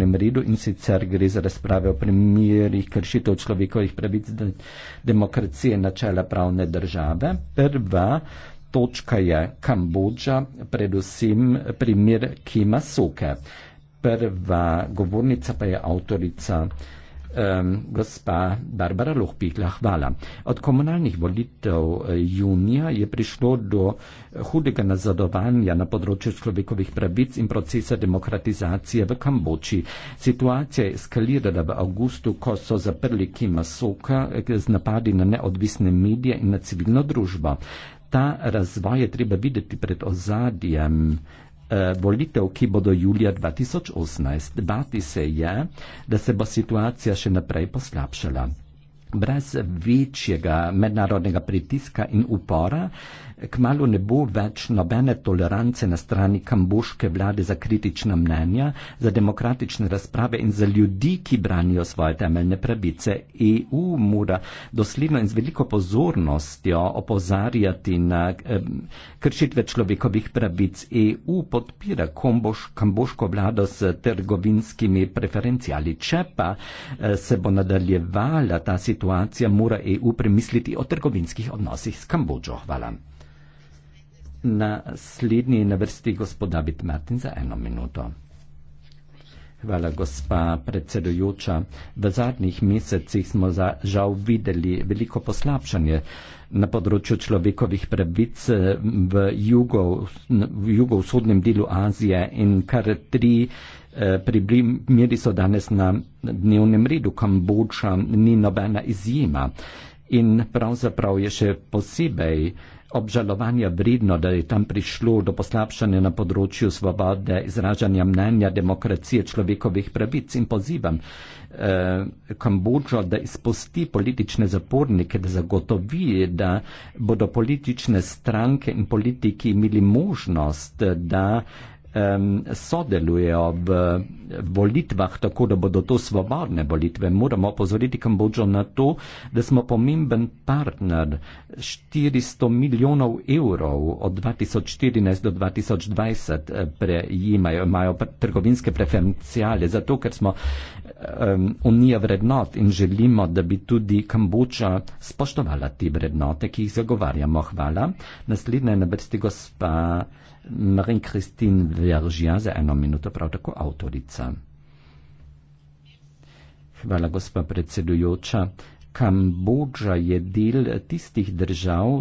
dnevnem redu in sicer gre za razprave o primerih kršitev človekovih pravic de demokracije načela pravne države. Prva točka je Kambodža, predvsem primer Kima Soke. Prva govornica pa je avtorica uh, gospa Barbara Lohpihla hvala. Od komunalnih volitev e, junija je prišlo do e, hudega nazadovanja na področju človekovih pravic in procesa demokratizacije v Kambočji. Situacija je eskalirala v avgustu, ko so zaprli Kima Soka e, z napadi na neodvisne medije in na civilno družbo. Ta razvoj je treba videti pred ozadjem. Eh, volitev, ki bodo julija 2018, bati se je, da se bo situacija še naprej poslabšala. Brez večjega mednarodnega pritiska in upora kmalo ne bo več nobene tolerance na strani kamboške vlade za kritična mnenja, za demokratične razprave in za ljudi, ki branijo svoje temeljne pravice. EU mora dosledno in z veliko pozornostjo opozarjati na eh, kršitve človekovih pravic. EU podpira komboš, kamboško vlado s trgovinskimi preferencijali. Če pa eh, se bo nadaljevala ta situacija, mora EU premisliti o trgovinskih odnosih s Kambodžo. Hvala. Naslednji na vrsti gospod David Martin za eno minuto. Hvala, gospa predsedujoča. V zadnjih mesecih smo za, žal videli veliko poslabšanje na področju človekovih pravic eh, v, jugo, v jugovzhodnem delu Azije in kar tri eh, približni so danes na dnevnem redu. Kambodža ni nobena izjema. Eh, in pravzaprav je še posebej obžalovanja vredno, da je tam prišlo do poslabšanja na področju svobode izražanja mnenja, demokracije, človekovih pravic in pozivam eh, Kambodžo, da izpusti politične zapornike, da zagotovi, da bodo politične stranke in politiki imeli možnost, da um, sodelujejo v volitvah, tako da bodo to svobodne volitve. Moramo opozoriti Kambodžo na to, da smo pomemben partner 400 milijonov evrov od 2014 do 2020 eh, prejemajo, imajo trgovinske preferencijale, zato ker smo um, unija vrednot in želimo, da bi tudi Kambodža spoštovala te vrednote, ki jih zagovarjamo. Hvala. Naslednja je na vrsti gospa. Marie-Christine Vergien za eno minuto, prav tako avtorica. Hvala, gospa predsedujoča. Kambodža je del tistih držav,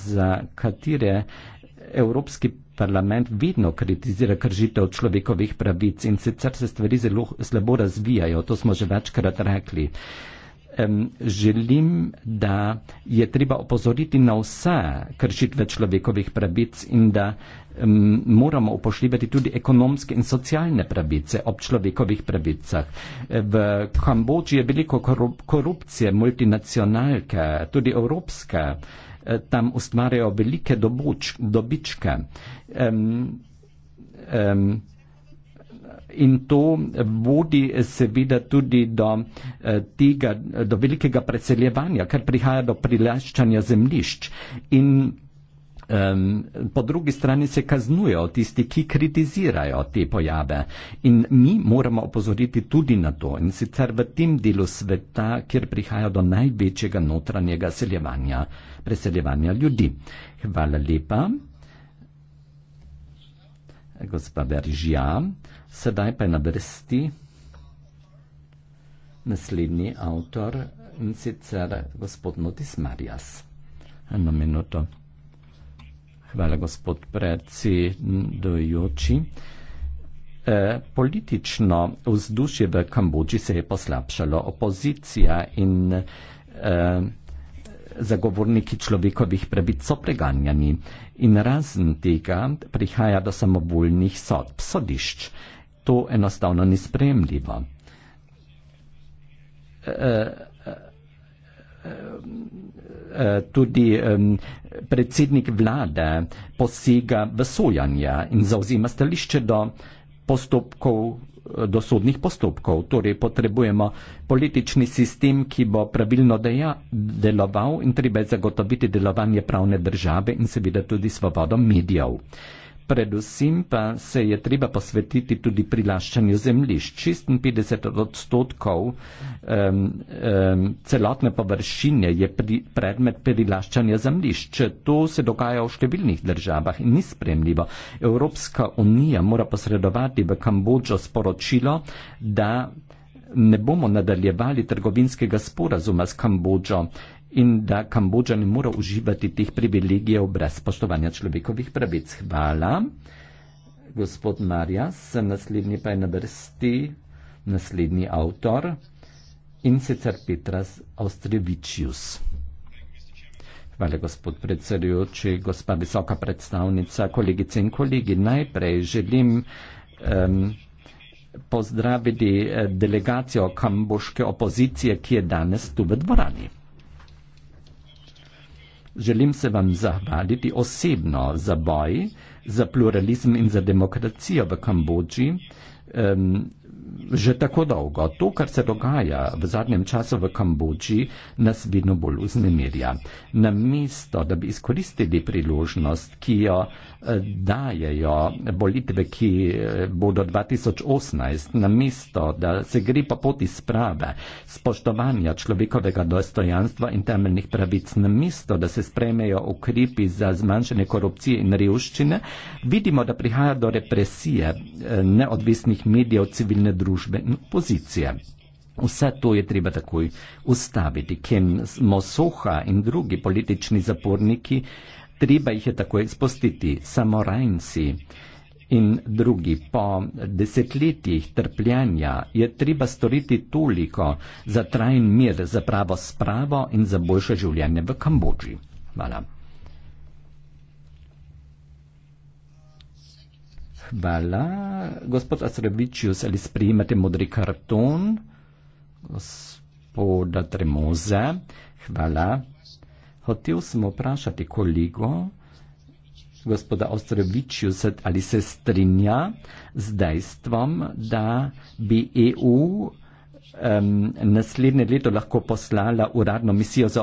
za katere Evropski parlament vedno kritizira kršitev človekovih pravic in sicer se stvari zelo slabo razvijajo, to smo že večkrat rekli um, želim, da je treba opozoriti na vse kršitve človekovih pravic in da um, moramo upošljivati tudi ekonomske in socialne pravice ob človekovih pravicah. V Kambodži je veliko korupcije, multinacionalke, tudi evropske, tam ustvarjajo velike dobuč, dobičke. Um, um, in to vodi seveda tudi do, eh, tega, do velikega preseljevanja, ker prihaja do prilaščanja zemlišč. In Po drugi strani se kaznujo tisti, ki kritizirajo te pojave in mi moramo opozoriti tudi na to in sicer v tem delu sveta, kjer prihaja do največjega notranjega seljevanja, preseljevanja ljudi. Hvala lepa. Gospa Beržija, Sedaj pa je na vrsti naslednji avtor in sicer gospod Notis Marjas. Eno minuto. Hvala, gospod predsedujoči. E, politično vzdušje v Kambodži se je poslabšalo. Opozicija in e, zagovorniki človekovih pravic so preganjani in razen tega prihaja do samovoljnih sodb, sodišč to enostavno ni spremljivo. Tudi predsednik vlade posega v sojanje in zauzima stališče do postopkov do sodnih postopkov. Torej potrebujemo politični sistem, ki bo pravilno deja, deloval in treba je zagotoviti delovanje pravne države in seveda tudi svobodo medijev. Uh, Predvsem pa se je treba posvetiti tudi prilaščanju zemljišč. 56 odstotkov um, um, celotne površine je pri, predmet prilaščanja zemljišč. To se dogaja v številnih državah in ni spremljivo. Evropska unija mora posredovati v Kambodžo sporočilo, da ne bomo nadaljevali trgovinskega sporazuma s Kambodžo in da Kambodža ne mora uživati teh privilegijev brez spoštovanja človekovih pravic. Hvala. Gospod Marjas, naslednji pa je na vrsti, naslednji avtor in sicer Petras Ostrevičius. Hvala, gospod predsedujoči, gospa visoka predstavnica, kolegice in kolegi. Najprej želim um, pozdraviti eh, delegacijo kamboške opozicije, ki je danes tu v dvorani želim se vam zahvaliti osebno za boj, za pluralizem in za demokracijo v Kambodži. Um, že tako dolgo. To, kar se dogaja v zadnjem času v Kambodži, nas vedno bolj uznemirja. Namesto, da bi izkoristili priložnost, ki jo eh, dajejo volitve, ki eh, bodo 2018, namesto, da se gre po poti sprave, spoštovanja človekovega dostojanstva in temeljnih pravic, namesto, da se sprejmejo ukrepi za zmanjšanje korupcije in revščine, vidimo, da prihaja do represije eh, neodvisnih medijev, civilnih civilne družbe in opozicije. Vse to je treba takoj ustaviti. Kim Mosoha in drugi politični zaporniki, treba jih je takoj izpustiti. Samo Rajnci in drugi po desetletjih trpljenja je treba storiti toliko za trajen mir, za pravo spravo in za boljše življenje v Kambodži. Hvala. Voilà. Hvala. Gospod Astrebičius, ali sprejmete modri karton? Gospoda Tremoza, hvala. Hotel sem vprašati kolego, gospoda Ostrovičius, ali se strinja z dejstvom, da bi EU um, naslednje leto lahko poslala uradno misijo za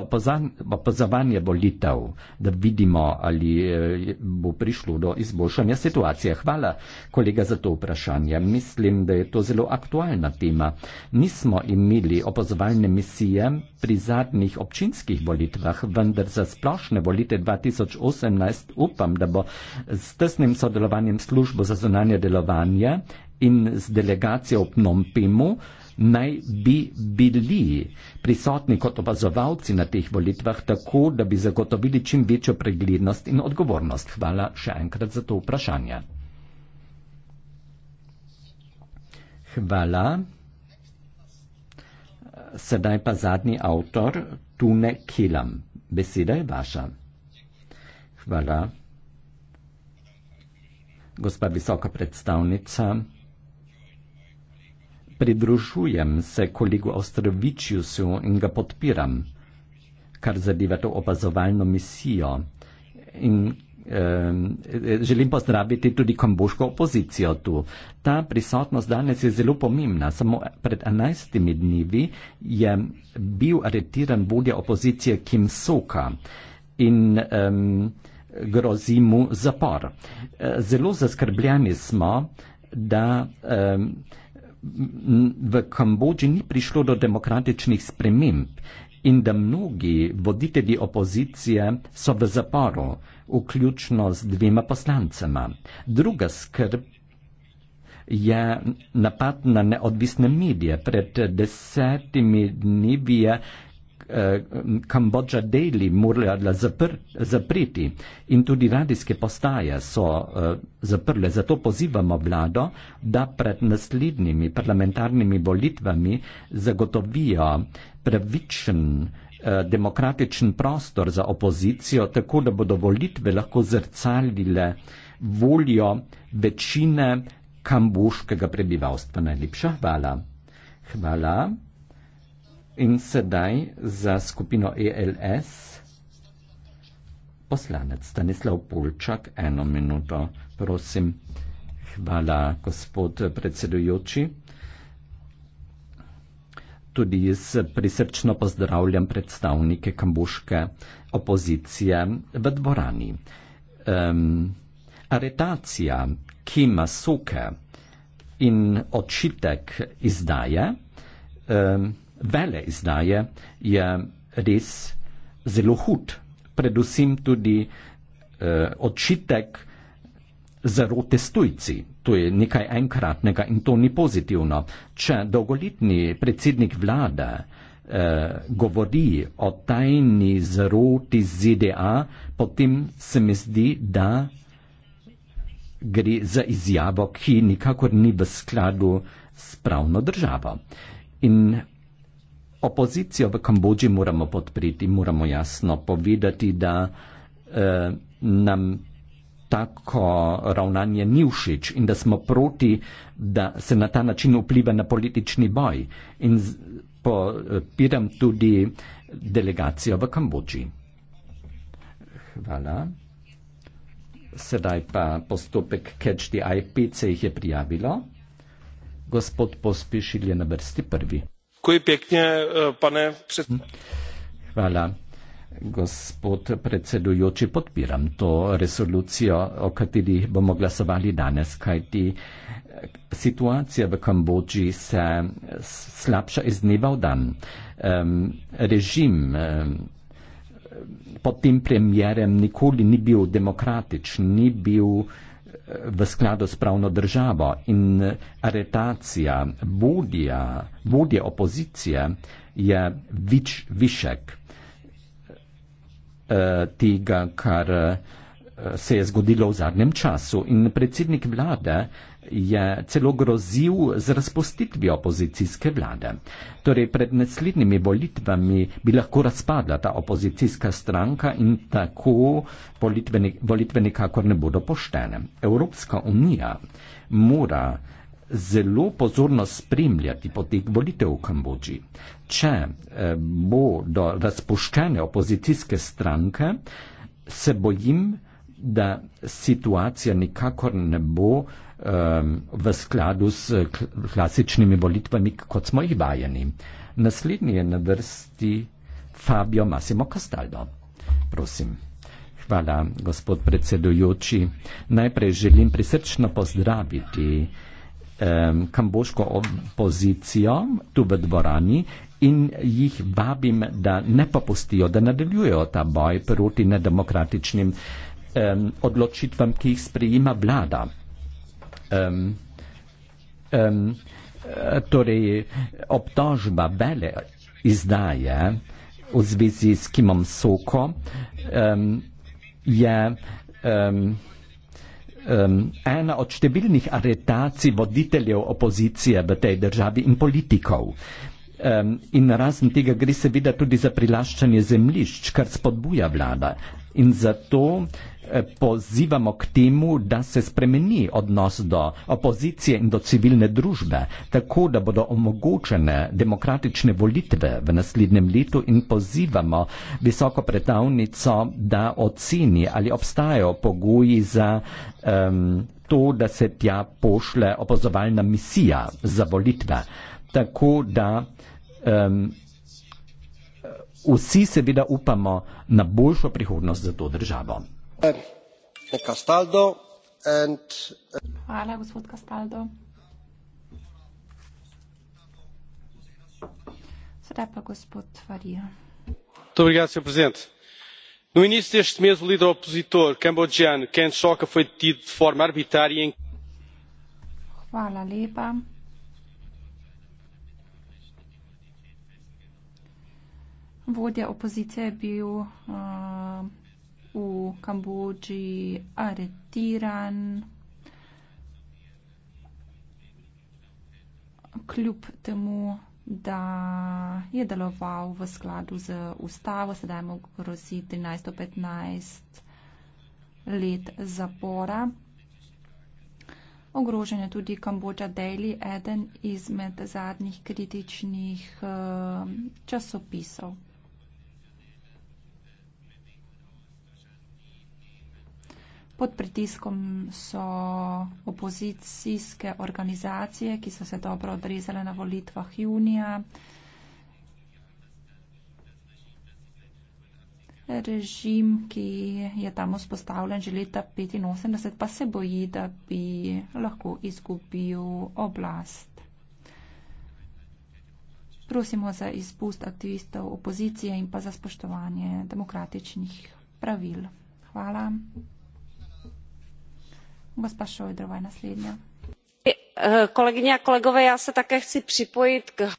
opazovanje volitev, da vidimo, ali eh, bo prišlo do izboljšanja situacije. Hvala, kolega, za to vprašanje. Mislim, da je to zelo aktualna tema. Nismo imeli opazovalne misije pri zadnjih občinskih volitvah, vendar za splošne volite 2018 upam, da bo s tesnim sodelovanjem službo za zunanje delovanje in z delegacijo v Pnompimu, naj bi bili prisotni kot opazovalci na teh volitvah, tako da bi zagotovili čim večjo preglednost in odgovornost. Hvala še enkrat za to vprašanje. Hvala. Sedaj pa zadnji avtor, Tune Kilam. Beseda je vaša. Hvala. Gospa visoka predstavnica pridružujem se kolegu Ostrovičiusu in ga podpiram, kar zadeva to opazovalno misijo. In eh, želim pozdraviti tudi komboško opozicijo tu. Ta prisotnost danes je zelo pomembna. Samo pred 11 dnevi je bil aretiran vodja opozicije Kim Soka in eh, grozi mu zapor. Zelo zaskrbljeni smo, da. Eh, v Kambodži ni prišlo do demokratičnih sprememb in da mnogi voditelji opozicije so v zaporu, vključno z dvema poslancema. Druga skrb je napad na neodvisne medije. Pred desetimi dnevi je Eh, Kambodža Daily morala zapr, zapreti in tudi radijske postaje so uh, zaprle. Zato pozivamo vlado, da pred naslednjimi parlamentarnimi volitvami zagotovijo pravičen eh, demokratičen prostor za opozicijo, tako da bodo volitve lahko zrcalile voljo večine kambuškega prebivalstva. Najlepša hvala. Hvala. In sedaj za skupino ELS poslanec Stanislav Pulčak, eno minuto, prosim. Hvala, gospod predsedujoči. Tudi jaz prisrčno pozdravljam predstavnike kambuške opozicije v dvorani. Um, aretacija Kima Suke in očitek izdaje um, vele izdaje je res zelo hud, predvsem tudi eh, odšitek zarote stujci. To je nekaj enkratnega in to ni pozitivno. Če dolgoletni predsednik vlade eh, govori o tajni zaroti ZDA, potem se mi zdi, da gre za izjavo, ki nikakor ni v skladu s pravno državo. In opozicijo v Kambodži moramo podpriti, moramo jasno povedati, da eh, nam tako ravnanje ni všeč in da smo proti, da se na ta način vpliva na politični boj. In podpiram tudi delegacijo v Kambodži. Hvala. Sedaj pa postopek Catch the IP se jih je prijavilo. Gospod Pospišil je na vrsti prvi. Eh, hm? Hvala, gospod predsedujoči. Podpiram to resolucijo, o kateri bomo glasovali danes, kajti eh, situacija v Kambodži se slabša iz dneva v dan. Um, režim um, pod tem premjerem nikoli ni bil demokratičen, ni bil v skladu s pravno državo in aretacija vodja, vodje opozicije je vič, višek eh, tega, kar eh, se je zgodilo v zadnjem času. In predsednik vlade eh, je celo grozil z razpustitvijo opozicijske vlade. Torej, pred naslednjimi volitvami bi lahko razpadla ta opozicijska stranka in tako volitve nikakor ne bodo poštene. Evropska unija mora zelo pozorno spremljati potek volitev v Kambodži. Če eh, bo do razpoščene opozicijske stranke, se bojim, da situacija nikakor ne bo uh, um, v skladu s kl klasičnimi volitvami, kot smo jih vajeni. Naslednji je na vrsti Fabio Massimo Castaldo. Prosim. Hvala, gospod predsedujoči. Najprej želim prisrčno pozdraviti um, kamboško opozicijo tu v dvorani in jih vabim, da ne popustijo, da nadaljujejo ta boj proti nedemokratičnim um, odločitvam, ki jih sprejima vlada um, um, torej, obtožba bele izdaje v zvezi s Kimom Soko um, je um, um, ena od številnih aretacij voditeljev opozicije v tej državi in politikov. Um, in razen tega gre seveda tudi za prilaščanje zemlišč, kar spodbuja vlada. In zato Eh, pozivamo k temu, da se spremeni odnos do opozicije in do civilne družbe, tako da bodo omogočene demokratične volitve v naslednjem letu in pozivamo visoko predavnico, da oceni, ali obstajajo pogoji za. Um, To, da se tja pošle opozovalna misija za volitve. Tako da um, vsi seveda upamo na boljšo prihodnost za to državo hvala gospod castaldo sedaj pa gospod faria obrigado presidente no início deste mês o líder opositor cambodgiano ken sokha foi detido de forma arbitrária em hvala lepa vodja opozicije je bil eh, v Kambodži aretiran. Kljub temu, da je deloval v skladu z ustavo, sedaj mu grozi 13-15 let zapora. Ogrožen je tudi Kambodža Daily, eden izmed zadnjih kritičnih eh, časopisov. Pod pritiskom so opozicijske organizacije, ki so se dobro odrezale na volitvah junija. Režim, ki je tam vzpostavljen že leta 1985, pa se boji, da bi lahko izgubil oblast. Prosimo za izpust aktivistov opozicije in pa za spoštovanje demokratičnih pravil. Hvala. E, e, kolegyně a kolegové já se také chci připojit k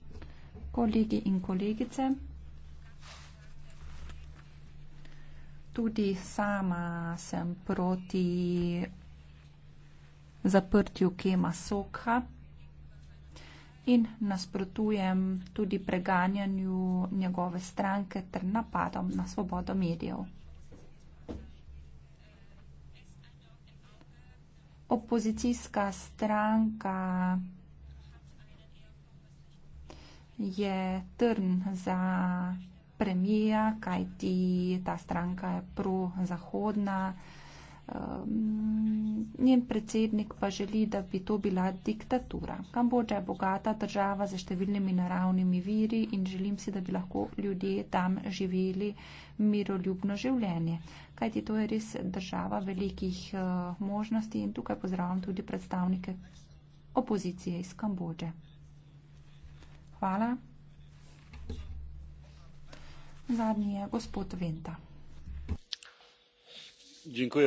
kolegy in kolegice tudi sama sem proti zaprtju kema soka in nasprotujem tudi preganjanju njegove stranke ter napadom na svobodo medijev. opozicijska stranka je trn za premija, kajti ta stranka je prozahodna. Ehm, njen predsednik pa želi, da bi to bila diktatura. Kambodža je bogata država za številnimi naravnimi viri in želim si, da bi lahko ljudje tam živeli miroljubno življenje. Kajti to je res država velikih eh, možnosti in tukaj pozdravljam tudi predstavnike opozicije iz Kambodže. Hvala. Zadnji je gospod Venta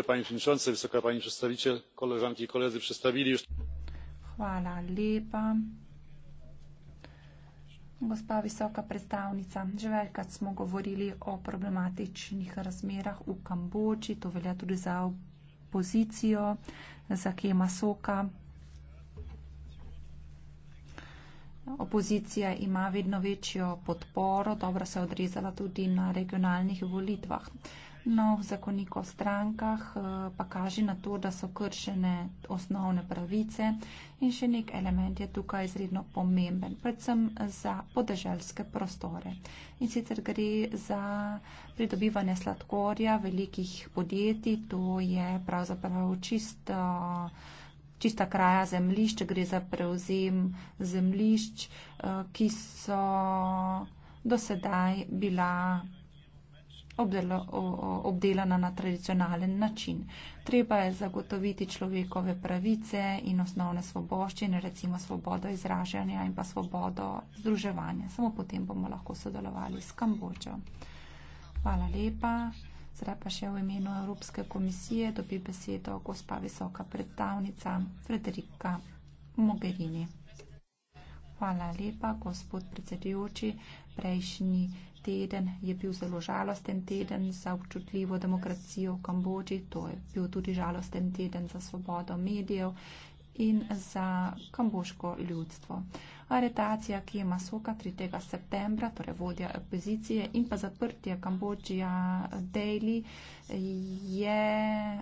pani przewodnicząca! wysoka pani przedstawiciel! koleżanki i koledzy przedstawili już gospa visoka predstavnica že večkrat smo govorili o problematičnih razmerah v kambodži to velja tudi za opozicijo za kema soka opozicija ima vedno večjo podporo dobro se je odrezala tudi na regionalnih volitvah No, zakonik o strankah eh, pa kaže na to, da so kršene osnovne pravice in še nek element je tukaj izredno pomemben, predvsem za podeželske prostore. In sicer gre za pridobivanje sladkorja velikih podjetij, to je pravzaprav čisto. Čista kraja zemljišč, gre za prevzem zemljišč, eh, ki so dosedaj bila obdelo, obdelana na tradicionalen način. Treba je zagotoviti človekove pravice in osnovne svoboščine, recimo svobodo izražanja in pa svobodo združevanja. Samo potem bomo lahko sodelovali s Kambočo. Hvala lepa. Zdaj pa še v imenu Evropske komisije dobi besedo gospa visoka predstavnica Frederika Mogherini. Hvala lepa, gospod predsedujoči. Prejšnji teden je bil zelo žalosten teden za občutljivo demokracijo v Kambodži. To je bil tudi žalosten teden za svobodo medijev in za kamboško ljudstvo. Aretacija Kema Soka 3. septembra, torej vodja opozicije in pa zaprtje Kambodžija Daily je eh,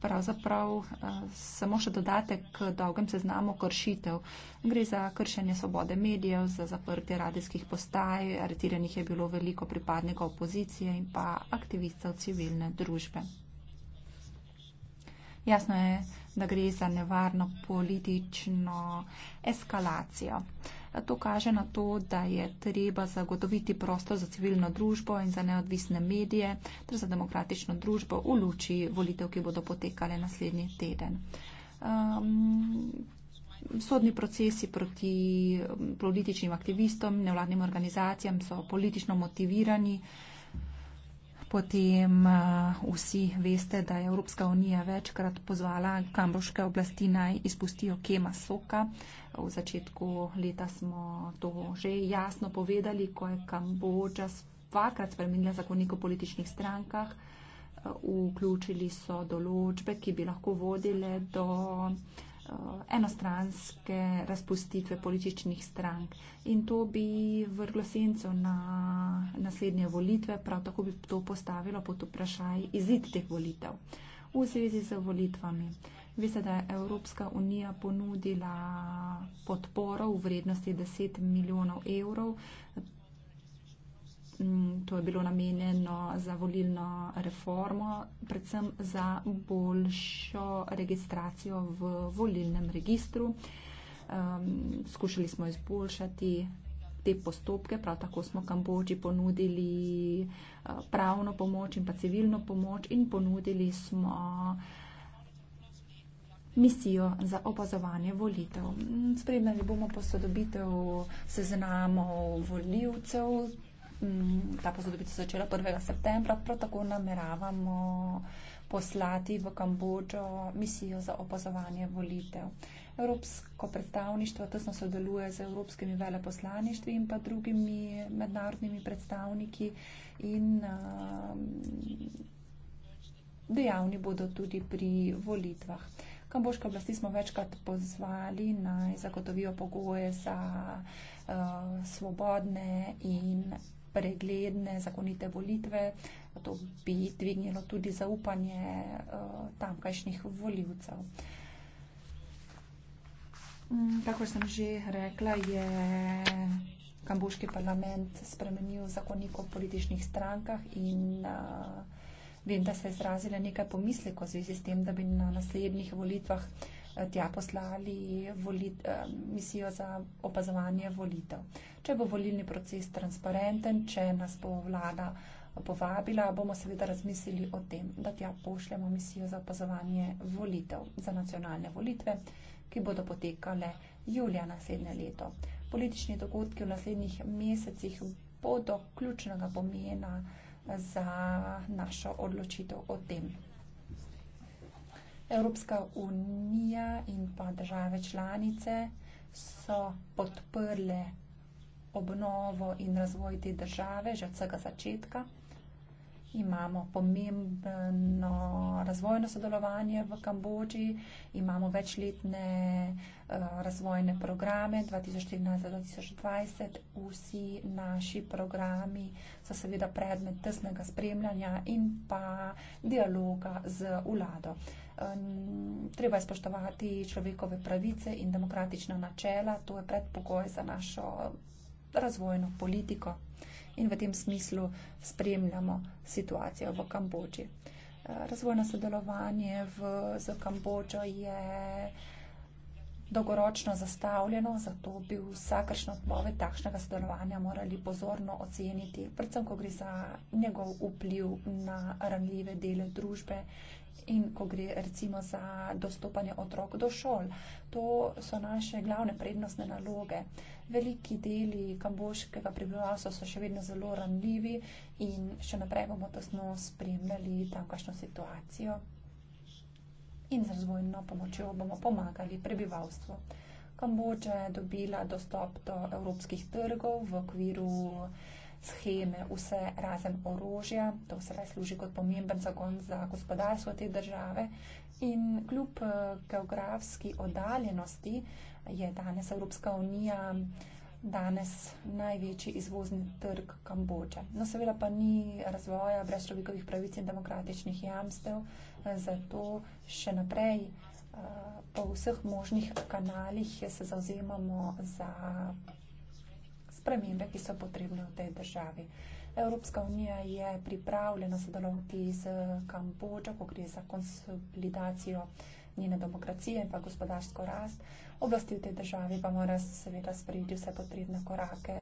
pravzaprav eh, samo še dodatek k dolgem seznamu kršitev. Gre za kršenje svobode medijev, za zaprtje radijskih postaj, aretiranih je bilo veliko pripadnikov opozicije in pa aktivistov civilne družbe. Jasno je, da gre za nevarno politično eskalacijo. To kaže na to, da je treba zagotoviti prostor za civilno družbo in za neodvisne medije ter za demokratično družbo v luči volitev, ki bodo potekale naslednji teden. Um, Sodni procesi proti ehm, političnim aktivistom, nevladnim organizacijam so politično motivirani. Uh, Potem uh, vsi veste, da je Evropska unija večkrat pozvala kambroške oblasti naj izpustijo kema soka. V začetku leta smo to že jasno povedali, ko je Kambodža dvakrat spremenila zakonnik o političnih strankah. Uh, vključili so določbe, ki bi lahko vodile do uh, Eh, enostranske razpustitve političnih strank. In to bi vrglo senco na naslednje volitve, prav tako bi to postavilo pod vprašaj izid teh volitev. V zvezi z volitvami. Veste, da je Evropska unija ponudila podporo v vrednosti 10 milijonov evrov Mm, to je bilo namenjeno za volilno reformo, predvsem za boljšo registracijo v volilnem registru. Um, skušali smo izboljšati te postopke, prav tako smo Kambođi ponudili eh, pravno pomoč in pa civilno pomoč in ponudili smo misijo za opazovanje volitev. Mm, spremljali bomo posodobitev seznamov volivcev, Mm, ta posodobitev se začela 1. septembra, prav tako nameravamo poslati v Kambodžo misijo za opazovanje volitev. Evropsko predstavništvo tesno sodeluje z evropskimi veleposlaništvi in pa drugimi mednarodnimi predstavniki in uh, dejavni bodo tudi pri volitvah. Kamboške oblasti smo večkrat pozvali naj zagotovijo pogoje za uh, svobodne in pregledne, zakonite volitve. To bi dvignilo tudi zaupanje eh, tamkajšnjih voljivcev. Mm, Kako sem že rekla, je kamboški parlament spremenil zakonik o političnih strankah in eh, vem, da se je izrazila nekaj pomisleko z vizi s tem, da bi na naslednjih volitvah tja poslali volit, eh, misijo za opazovanje volitev. Če bo volilni proces transparenten, če nas bo vlada povabila, bomo seveda razmislili o tem, da tja pošljemo misijo za opazovanje volitev za nacionalne volitve, ki bodo potekale julija naslednje leto. Politični dogodki v naslednjih mesecih bodo ključnega pomena za našo odločitev o tem. Evropska unija in pa države članice so podprle obnovo in razvoj te države že od vsega začetka. Imamo pomembno razvojno sodelovanje v Kambodži, imamo večletne eh, razvojne programe 2014-2020. Vsi naši programi so seveda predmet tesnega spremljanja in pa dialoga z vlado treba je spoštovati človekove pravice in demokratična načela. To je predpogoj za našo razvojno politiko in v tem smislu spremljamo situacijo v Kambodži. Razvojno sodelovanje v, z Kambodžo je dolgoročno zastavljeno, zato bi vsakršno odpoved takšnega sodelovanja morali pozorno oceniti, predvsem, ko gre za njegov vpliv na ranljive dele družbe in ko gre recimo za dostopanje otrok do šol. To so naše glavne prednostne naloge. Veliki deli kamboškega prebivalstva so še vedno zelo ranljivi in še naprej bomo tesno spremljali takšno situacijo in z razvojno pomočjo bomo pomagali prebivalstvu. Kambodža je dobila dostop do evropskih trgov v okviru scheme vse razen orožja. To se raj služi kot pomemben zagon za gospodarstvo te države. In kljub eh, geografski oddaljenosti je danes Evropska unija danes največji izvozni trg Kambodže. No, seveda pa ni razvoja brez človekovih pravic in demokratičnih jamstev, zato še naprej eh, po vseh možnih kanalih se zauzemamo za spremembe, ki so potrebne v tej državi. Evropska unija je pripravljena sodelovati z Kambodžo, ko gre za konsolidacijo njene demokracije in pa gospodarsko rast. Oblasti v tej državi pa mora seveda sprejeti vse potrebne korake.